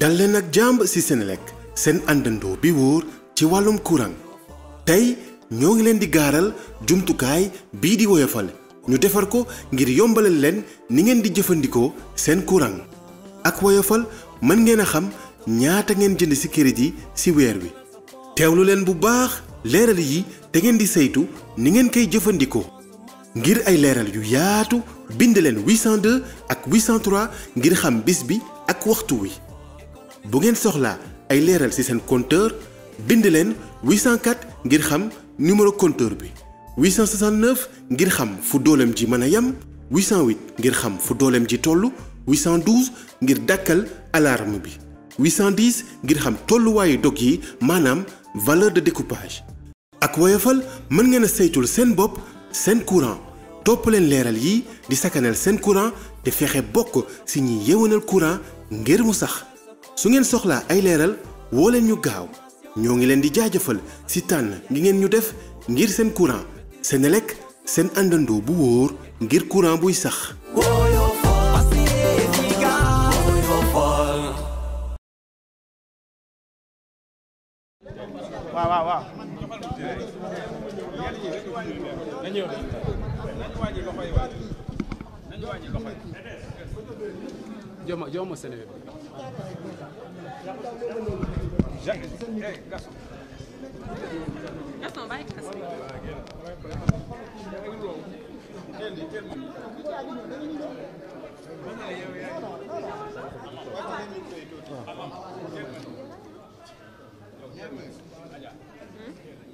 dal leen ak jamb si senelek sen andando bi wóor ci walum courant tay ñoo ngi leen di jumtu kay bi di woyofal ñu defar ko ngir yombalal leen ni ngeen di jëfëndiko sen courant ak woyofal man ngeena xam ñaata ngeen jënd si crédit ci wër wi tewlu leen bu baax leral yi te ngeen di seytu ni ngeen kay jëfëndiko ngir ay leral yu yaatu bind leen 802 ak 803 ngir xam bis bi ak waxtu wi bu ngeen soxlaa ay leeral ci seen compteur bind 804 ngir xam numéro compteur bi 869 ngir xam fu dooleem ji mën 808 ngir xam fu dooleem ji toll 812 ngir dakkal alarme bi 810 ngir xam tolluwaayu dog yi maanaam valeur de découpage ak woyofal mën ngeen a saytul seen bopp seen courant topp leen leeral yi di sakanal seen courant te fexe bokk si ñi yewenal courant ngir mu su ngeen soxla ay leral wo leen ñu gaaw ñoo ngi leen di jaajeufal ci tan gi ngeen ñu def ngir seen courant Senelec seen andando bu woor ngir courant buy sax Jom, jom, jom, joma joma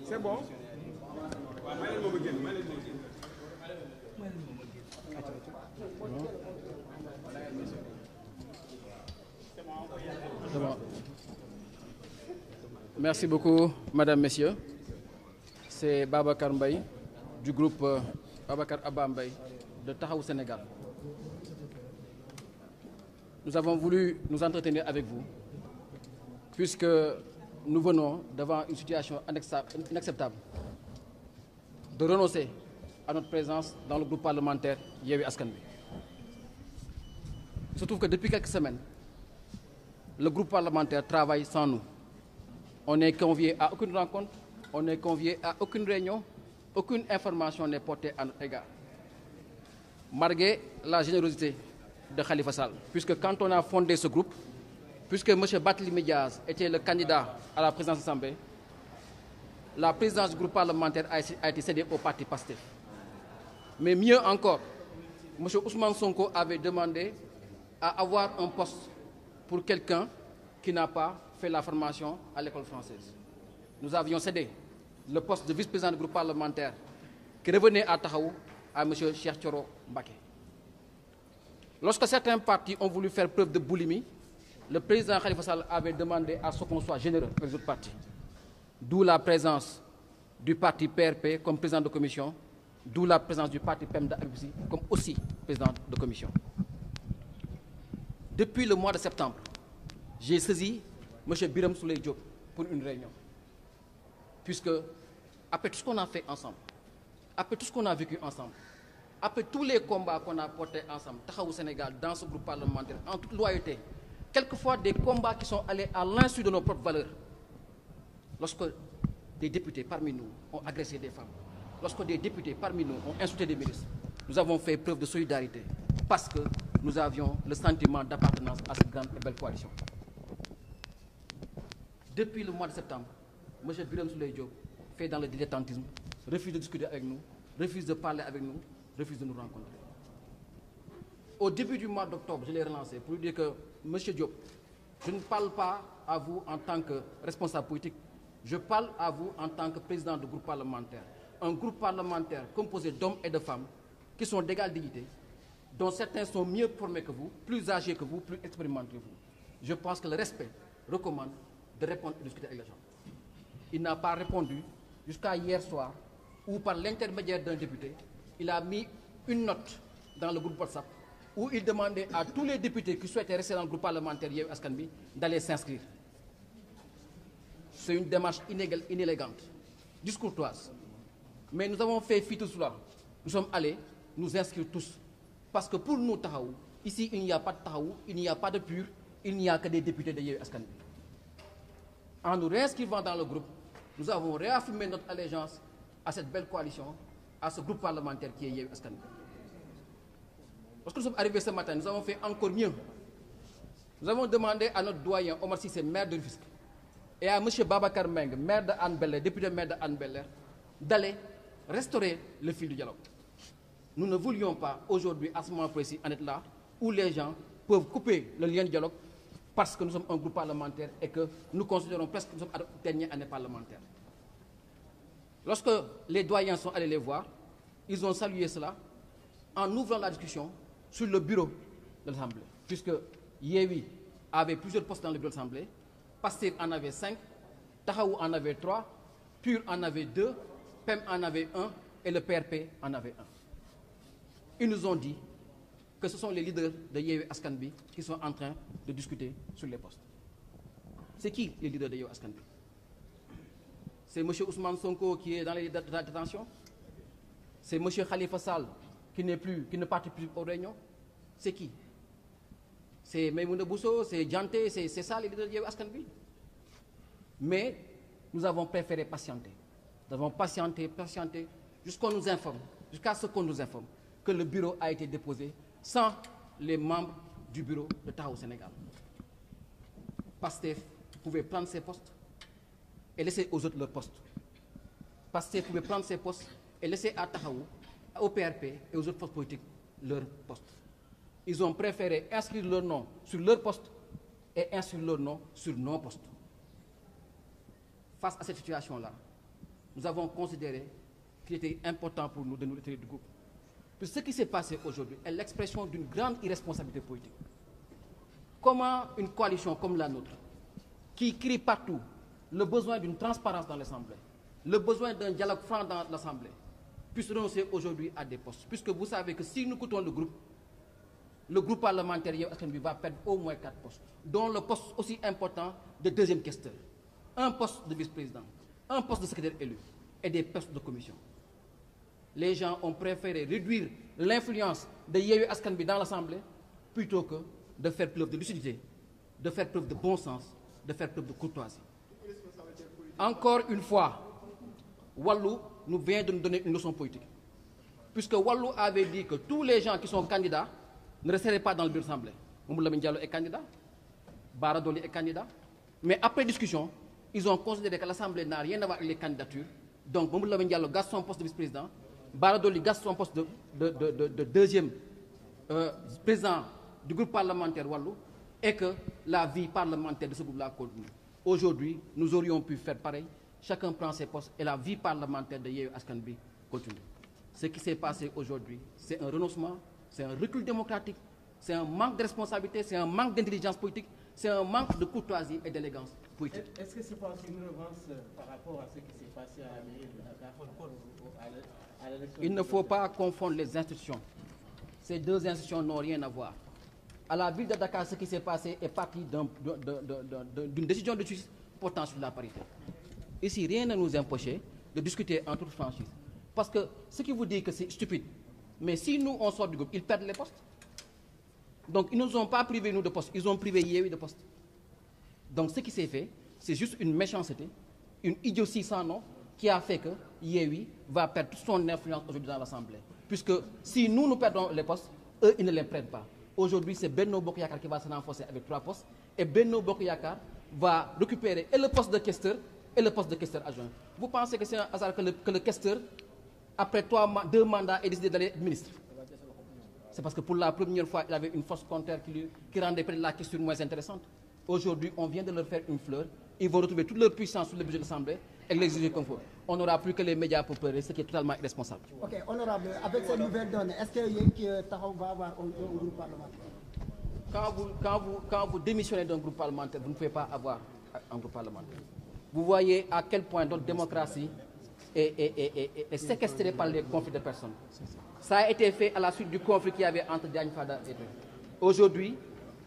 C'est bon? Merci beaucoup, Madame, Messieurs. C'est Babacar Mbaye du groupe euh, Babacar Abba de Tahaou Sénégal. Nous avons voulu nous entretenir avec vous puisque nous venons devant une situation inacceptable de renoncer à notre présence dans le groupe parlementaire Yewi Askanbi. Il se trouve que depuis quelques semaines, le groupe parlementaire travaille sans nous. On n'est convié à aucune rencontre, on n'est convié à aucune réunion, aucune information n'est portée à notre égard. Malgré la générosité de Khalifa Sall, puisque quand on a fondé ce groupe, puisque M. Batli Diaz était le candidat à la présidence de l'Assemblée, la présidence du groupe parlementaire a été cédée au parti Pastel. Mais mieux encore, M. Ousmane Sonko avait demandé à avoir un poste pour quelqu'un qui n'a pas fait la formation à l'école française. Nous avions cédé le poste de vice-président du groupe parlementaire qui revenait à Tahaou à M. Cherchoro Mbake. Lorsque certains partis ont voulu faire preuve de boulimie, le président Khalifa Sall avait demandé à ce qu'on soit généreux avec les autres partis. D'où la présence du parti PRP comme président de commission, d'où la présence du parti PEMDA comme aussi président de commission. Depuis le mois de septembre, j'ai saisi M. Biram Souley Diop pour une réunion. Puisque, après tout ce qu'on a fait ensemble, après tout ce qu'on a vécu ensemble, après tous les combats qu'on a portés ensemble, au Sénégal, dans ce groupe parlementaire, en toute loyauté, quelquefois des combats qui sont allés à l'insu de nos propres valeurs. Lorsque des députés parmi nous ont agressé des femmes, lorsque des députés parmi nous ont insulté des ministres, nous avons fait preuve de solidarité parce que nous avions le sentiment d'appartenance à cette grande et belle coalition. Depuis le mois de septembre, M. Biram Souley Diop fait dans le dilettantisme, refuse de discuter avec nous, refuse de parler avec nous, refuse de nous rencontrer. Au début du mois d'octobre, je l'ai relancé pour lui dire que, M. Diop, je ne parle pas à vous en tant que responsable politique, je parle à vous en tant que président du groupe parlementaire. Un groupe parlementaire composé d'hommes et de femmes qui sont d'égale dignité, dont certains sont mieux formés que vous, plus âgés que vous, plus expérimentés que vous. Je pense que le respect recommande de répondre et de discuter avec les gens. Il n'a pas répondu jusqu'à hier soir, où par l'intermédiaire d'un député, il a mis une note dans le groupe WhatsApp où il demandait à tous les députés qui souhaitaient rester dans le groupe parlementaire Askanbi d'aller s'inscrire. C'est une démarche inégale, inélégante, discourtoise. Mais nous avons fait fi tout cela. Nous sommes allés nous inscrire tous. Parce que pour nous, Tahaou, ici, il n'y a pas de Tahaou, il n'y a pas de pur, il n'y a que des députés de Askanbi en nous réinscrivant dans le groupe, nous avons réaffirmé notre allégeance à cette belle coalition, à ce groupe parlementaire qui est Parce Lorsque nous sommes arrivés ce matin, nous avons fait encore mieux. Nous avons demandé à notre doyen, Omar Sissé, maire de Rufisque, et à M. Baba Meng, maire de Anne Beller, député maire de Anne beller d'aller restaurer le fil du dialogue. Nous ne voulions pas aujourd'hui, à ce moment précis, en être là où les gens peuvent couper le lien de dialogue parce que nous sommes un groupe parlementaire et que nous considérons presque que nous sommes à la dernière année parlementaire. Lorsque les doyens sont allés les voir, ils ont salué cela en ouvrant la discussion sur le bureau de l'Assemblée, puisque Yewi avait plusieurs postes dans le bureau de l'Assemblée, Pasteur en avait cinq, Tahaou en avait trois, Pur en avait deux, PEM en avait un et le PRP en avait un. Ils nous ont dit ce sont les leaders de Yewe Askanbi qui sont en train de discuter sur les postes. C'est qui les leaders de Yewe Askanbi C'est M. Ousmane Sonko qui est dans les détentions. C'est M. Khalifa Sall qui ne participe plus aux réunions C'est qui C'est Maimouna Bousso, c'est Djanté, c'est ça les leaders de Yewe Askanbi Mais nous avons préféré patienter. Nous avons patienté, patienté, jusqu'à nous informe, jusqu'à ce qu'on nous informe que le bureau a été déposé sans les membres du bureau de au Sénégal. Pastef pouvait prendre ses postes et laisser aux autres leurs postes. Pastef pouvait prendre ses postes et laisser à Tahaou, au PRP et aux autres forces politiques leurs postes. Ils ont préféré inscrire leur nom sur leur poste et inscrire leur nom sur nos postes. Face à cette situation-là, nous avons considéré qu'il était important pour nous de nous retirer du groupe ce qui s'est passé aujourd'hui est l'expression d'une grande irresponsabilité politique. Comment une coalition comme la nôtre, qui crie partout le besoin d'une transparence dans l'Assemblée, le besoin d'un dialogue franc dans l'Assemblée, puisse renoncer aujourd'hui à des postes Puisque vous savez que si nous coûtons le groupe, le groupe parlementaire va perdre au moins quatre postes, dont le poste aussi important de deuxième question, un poste de vice-président, un poste de secrétaire élu et des postes de commission les gens ont préféré réduire l'influence de Yehu Askanbi dans l'Assemblée plutôt que de faire preuve de lucidité, de faire preuve de bon sens, de faire preuve de courtoisie. Encore une fois, Wallou nous vient de nous donner une leçon politique. Puisque Wallou avait dit que tous les gens qui sont candidats ne resteraient pas dans le bureau l'Assemblée. Mboula Diallo est candidat, Baradoli est candidat. Mais après discussion, ils ont considéré que l'Assemblée n'a rien à voir avec les candidatures. Donc Moumoula Diallo garde son poste de vice-président Baradoli gasse son poste de, deuxième euh, président du groupe parlementaire Wallou et que la vie parlementaire de ce groupe-là continue. Aujourd'hui, nous aurions pu faire pareil. Chacun prend ses postes et la vie parlementaire de Yeo Askanbi continue. Ce qui s'est passé aujourd'hui, c'est un renoncement, c'est un recul démocratique, c'est un manque de responsabilité, c'est un manque d'intelligence politique c'est un manque de courtoisie et d'élégance politique. Est-ce que c'est pas une revanche euh, par rapport à ce qui s'est passé à la de Dakar l'élection Il ne faut pas confondre les institutions. Ces deux institutions n'ont rien à voir. À la ville de Dakar, ce qui s'est passé est parti d'une décision de justice portant sur la parité. Ici, rien ne nous empêche de discuter entre toute franchise. Parce que ce qui vous dit que c'est stupide, mais si nous, on sort du groupe, ils perdent les postes. Donc ils ne nous ont pas privé nous de poste, ils ont privé Yéwi de poste. Donc ce qui s'est fait, c'est juste une méchanceté, une idiotie sans nom qui a fait que Yéwi va perdre son influence aujourd'hui dans l'Assemblée. Puisque si nous, nous perdons les postes, eux, ils ne les prennent pas. Aujourd'hui, c'est Benno Bokoyakar qui va se renforcer avec trois postes et Benno Bokoyakar va récupérer et le poste de caisseur, et le poste de caisseur adjoint. Vous pensez que c'est un hasard que le, caisseur, après trois, deux mandats, ait décidé d'aller ministre c'est parce que pour la première fois, il avait une force contraire qui, rendait la question moins intéressante. Aujourd'hui, on vient de leur faire une fleur. Ils vont retrouver toute leur puissance sur le budget de l'Assemblée et l'exiger comme faut. On n'aura plus que les médias pour pleurer, ce qui est totalement irresponsable. Ok, honorable, avec ces nouvelles données, est-ce que euh, Tahou va avoir un, groupe parlementaire quand vous, démissionnez d'un groupe parlementaire, vous ne pouvez pas avoir un groupe parlementaire. Vous voyez à quel point notre démocratie est, est séquestrée par les conflits de personnes. Ça a été fait à la suite du conflit qu'il y avait entre Diagne Fada et eux. Aujourd'hui,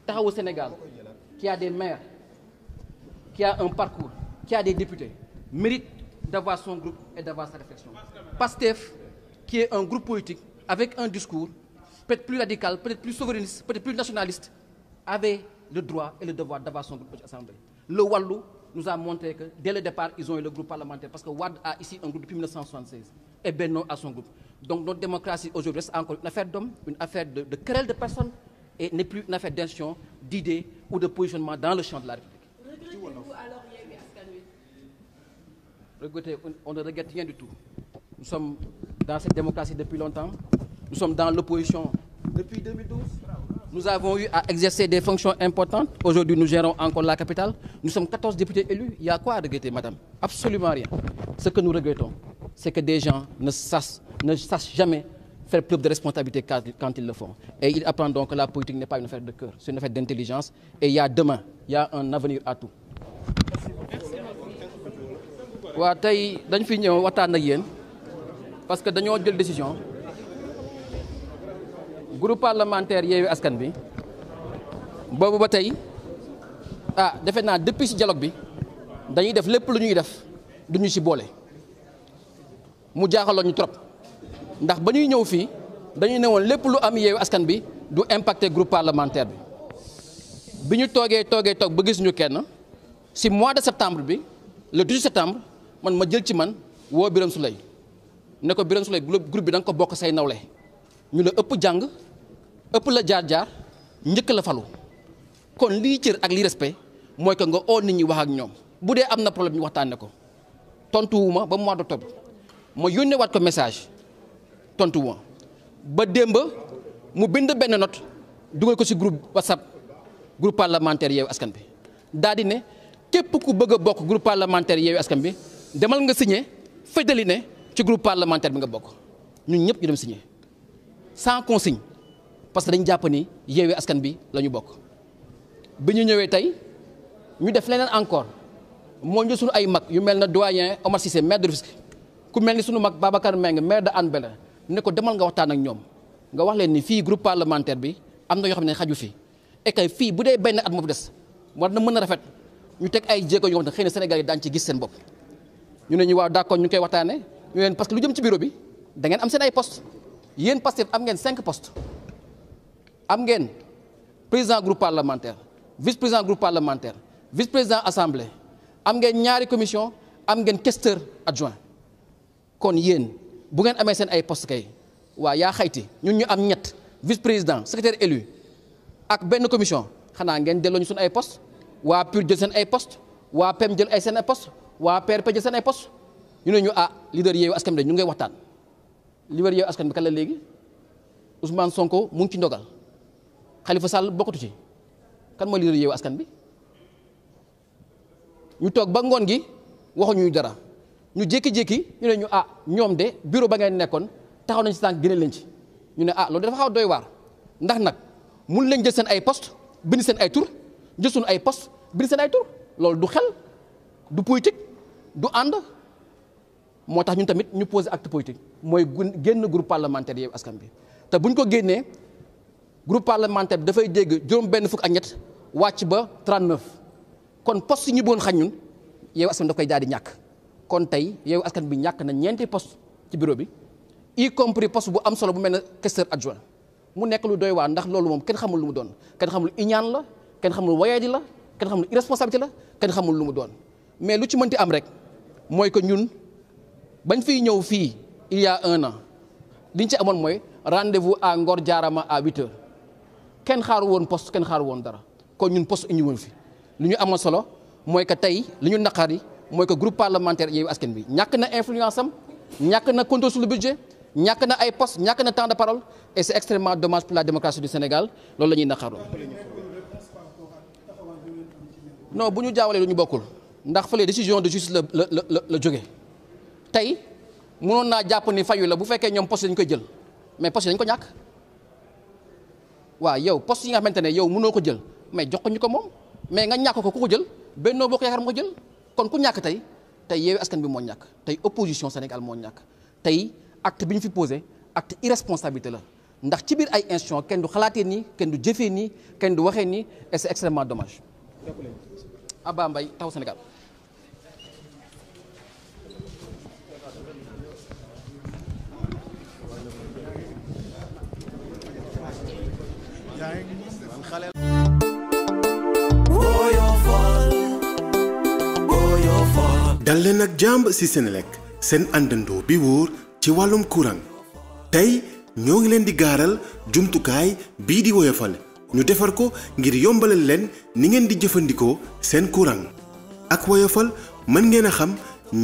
Tahao Sénégal, qui a des maires, qui a un parcours, qui a des députés, mérite d'avoir son groupe et d'avoir sa réflexion. PASTEF, qui est un groupe politique avec un discours peut-être plus radical, peut-être plus souverainiste, peut-être plus nationaliste, avait le droit et le devoir d'avoir son groupe d'assemblée. Le Wallou nous a montré que dès le départ, ils ont eu le groupe parlementaire parce que Wad a ici un groupe depuis 1976 et Benno a son groupe. Donc notre démocratie aujourd'hui reste encore une affaire d'hommes, une affaire de, de de personnes et n'est plus une affaire d'intention, d'idées ou de positionnement dans le champ de la République. Regrettez-vous alors on ne regrette rien du tout. Nous sommes dans cette démocratie depuis longtemps. Nous sommes dans l'opposition depuis 2012. Nous avons eu à exercer des fonctions importantes. Aujourd'hui, nous gérons encore la capitale. Nous sommes 14 députés élus. Il y a quoi à regretter, madame Absolument rien. Ce que nous regrettons, c'est que des gens ne sassent ne sachent jamais faire preuve de responsabilité quand ils le font. Et ils apprennent donc que la politique n'est pas une affaire de cœur, c'est une affaire d'intelligence. Et il y a demain, il y a un avenir à tout. waaw tey dañ fi ñëw waxtaan ak yéen parce que dañoo jël décision groupe parlementaire Yewwi Askan Wi boobu ba tey ah defe depuis ce dialogue bi dañuy def le lu ñuy def duñu ci bolé. mu jaaxaloon ñu trop ndax bañuy ñëw fii dañuy ne woon lépp lu am yeewu askan bi du impacter groupe parlementaire bi bi ñu toogee toogee toog ba gis ñu kenn si mois de septembre bi le 18 septembre man ma jël ci man woo biram soulay ne ko biram soulay groupe bi da nga ko bokk say nawle ñu la ëpp jàng ëpp la jaar-jaar njëkk la falu kon lii cër ak li respect mooy que nga oo nit ñi wax ak ñoom bu dee am na problème ñu waxtaanee ko tontu wuma ba mois d'octobre ma yónneewaat ko message. tontu woo ba démb mu bind benn note dugal ko ci groupe whatsapp groupe parlementaire yeewu askan bi daal di ne képp ku bëgg a bokk groupe parlementaire yeewu askan bi demal nga signé fëddali ne ci groupe parlementaire bi nga bokk ñu ñëpp ñu dem signé sans consigne parce que dañu jàpp ni yeewu askan bi la ñu bokk bi ñu ñëwee tey ñu def leneen encore moo ñu sunu ay mag yu mel na doyen Omar Cissé maire de Rufisque ku mel ni sunu mag Babacar Mbengue maire de Hann bel ne ko demal nga waxtaan ak ñoom nga wax leen ni fii groupe parlementaire bi am na yoo xam ne xaju fi et fii bu dee benn at moo fi des war na mën a rafet ñu teg ay jéego yoo xam ne xëy na Sénégal yi daañu ci gis seen bopp. ñu ne ñu waaw d'accord ñu ngi koy waxtaanee ñu leen parce que lu jëm ci bureau bi da ngeen am seen ay poste yéen Pastef am ngeen cinq postes am ngeen président groupe parlementaire vice président groupe parlementaire vice président assemblée am ngeen ñaari commission am ngeen questeur adjoint kon yéen. bu ngeen amee seen ay poste kay waa yaa xayti ñun ñu am ñett vice président secrétaire élu ak benn commission xanaa ngeen delloo ñu suñu ay post waa PUR jël seen ay post waa PEM jël ay seen ay waa PRP jël seen ay poste ñu ne ñu ah leader Yewwi Askan Wi ñu ngay waxtaan leader Yewwi Askan bi kan la léegi Ousmane Sonko mu ngi ci ndogal xalifa Sall bokkatu ci kan mooy leader Yewwi Askan bi ñu toog ba ngoon gi waxuñu dara ñu jékki-jékki ñu ne ñu ah ñoom de bureau ba ngeen nekkoon taxaw nañ si tànk gënal ci ñu ne ah loolu dafa xaw a doy waar ndax nag mun leen jël seen ay post bind seen ay tur jël suñu ay post bind seen ay tur loolu du xel du politique du ànd moo tax ñun tamit ñu posé acte politique mooy gun génn groupe parlementaire Yewwi Askan bi te buñ ko génnee groupe parlementaire bi dafay dégg juróom benn fukk ak ñett wàcc ba 39 kon post yi ñu bëggoon xañ ñun Yewwi Askan Wi koy daal ñàkk kon tey yow askan bi ñàkk na ñeenti post ci bureau bi y compris poste bu am solo bu mel ne questeur adjoint mu nekk lu doy waa ndax loolu moom kenn xamul lu mu doon kenn xamul iñaan la kenn xamul wayaadi la kenn xamul irresponsabilité la kenn xamul lu mu doon mais lu ci mënti am rek mooy que ñun bañ fiy ñëw fii il y un an liñ ci amoon mooy rendez-vous à Ngor Diarama à huit heures kenn xaaru woon post kenn xaar woon dara kon ñun post indi wuñ fi lu ñu amoon solo mooy que tey li ñu naqari moy que groupe parlementaire Yewwi Askan bi ñak na influence am ñak na contrôle sur le budget ñak na ay poste ñak na temps de parole et c'est extrêmement dommage pour la démocratie du Sénégal loolu la ñuy naqaru non buñu jaawale jaawalee bokul ñu bokkul ndax fële décision de justice le le le, la jógee tey mënoon naa jàpp ni fayu la bu fekkee ñom poste dañu koy jël mais poste dañ ko ñak wa yow poste yi nga xamante yow mëno ko jël mais jox ko ñu ko moom mais nga ñak ko ku ko jël Benno Bokk Yaakaar mo jël. kon ku ñàkk tey tey yeewi askan bi moo ñàkk tey opposition Sénégal moo ñàkk tey acte bi ñu fi posé acte irresponsabilité la ndax ci biir ay institution kenn du xalaatee nii kenn du jëfee nii kenn du waxee nii et c'est extrêmement dommage Abba Mbaye taxawu Sénégal yalla nak jamb ci senelek sen andando bi wor ci walum courant tay ñoo ngi leen di jumtu kay bi di woyofal ñu defar ko ngir yombal leen ni ngeen di jëfëndiko sen courant ak woyofal man ngeen xam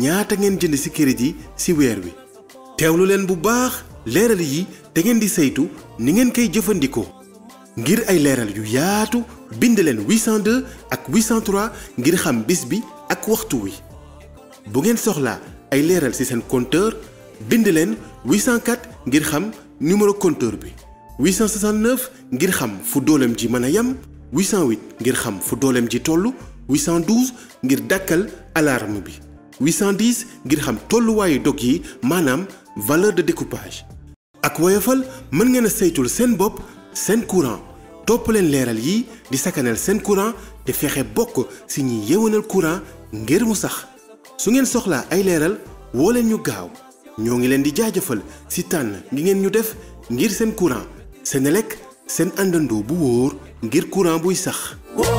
ñaata ngeen jënd ci crédit ci wër wi tewlu leen bu baax leral yi te ngeen di seytu ni ngeen kay jëfëndiko ngir ay leral yu yaatu bind leen 802 ak 803 ngir xam bis bi ak waxtu wi bu ngeen soxla ay leeral ci seen compteur bind leen 804 ngir xam numéro compteur bi 869 ngir xam fu ji 808 ngir xam fu ji 812 ngir dakkal alarme bi 810 ngir xam tolluwaayu dog yi maanaam valeur de découpage ak woyofal mën ngeen a saytul seen bopp courant topp leen leeral yi di sakanal seen courant te fexe bokk si ñi yewanal courant ngir mu su ngeen soxlaa ay leeral woo leen ñu gaaw ñoo ngi leen di jaajëfal si tànn gi ngeen ñu def ngir seen courant lekk seen àndandoo bu wóor ngir courant buy sax